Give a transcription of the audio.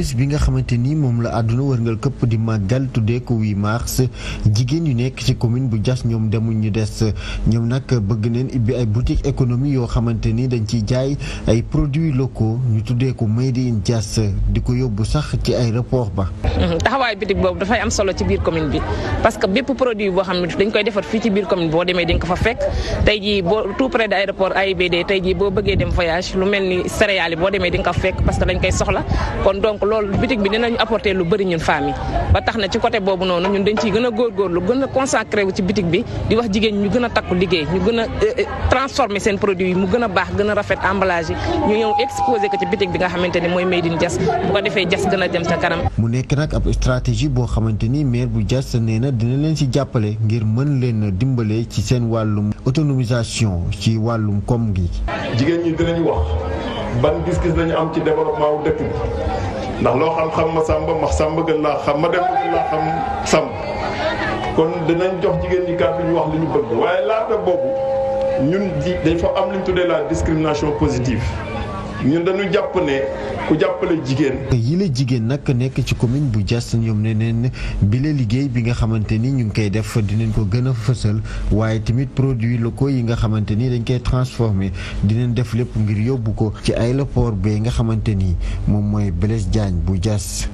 bés bi nga xamante ni moom la àdduna wërngal këpp di màggal tuddee ko 8 mars jigéen yu nekk ci commune bu Diass ñoom demuñ ñu des ñoom nag bëgg neen ibbi ay boutique économie yoo xamante ni dañ ciy jaay ay produits locaux ñu tuddee ko Made in Diass di ko yóbbu sax ci aéroport ba. taxawaay boutique boobu dafay am solo ci biir commune bi parce que bépp produit boo xam ne dañ koy defar fii ci biir commune boo demee di ko fa fekk tey jii boo tout près de aéroport AIBD tey dem voyage lu mel ni céréales yi boo demee di nga ko fekk parce que dañ loolu bitig bi dinañu apporter lu bëri ñun femmes yi ba tax na ci côté boobu noonu ñun dañ ciy gën a góorgóorlu gën a consacré wu ci bitig bi di wax jigéen ñu gën a takku liggéey ñu gën a euh, euh, transformer seen produit yi mu gën a baax gën a rafet emballage yi ñu ñëw exposé ko ci bitig bi nga xamante ne mooy Made in Diass bu ko defee Diass gën a dem sa kanam mu nekk nag ab stratégie boo xamante ni maire bu Diass nee na dina leen si jàppale ngir mën leen a dimbale ci seen wàllum autonomisation ci wàllum koom gi jigéen gis-gis ndax loo xam-xam ma sàmba ma sàmba gën laa xam ma dem gën laa xam sàmb kon dinañ jox jigéen ñi kàddu ñu wax li ñu bëgg waaye laata boobu ñun ji dañ fa am li ñu tuddee la discrimination positive ñun dañu jàpp ne jigéen. yile nag nekk ci commune bu Diass ñoom ne neen bile liggéey bi nga xamante ni ñu ngi koy def dinañ ko gën a fësal waaye tamit produit loko yi nga xamante ni dañ koy transformé dinañ def lépp ngir yóbbu ko ci aéroport bi nga xamante ni moom mooy Blaise Diagne bu Diass.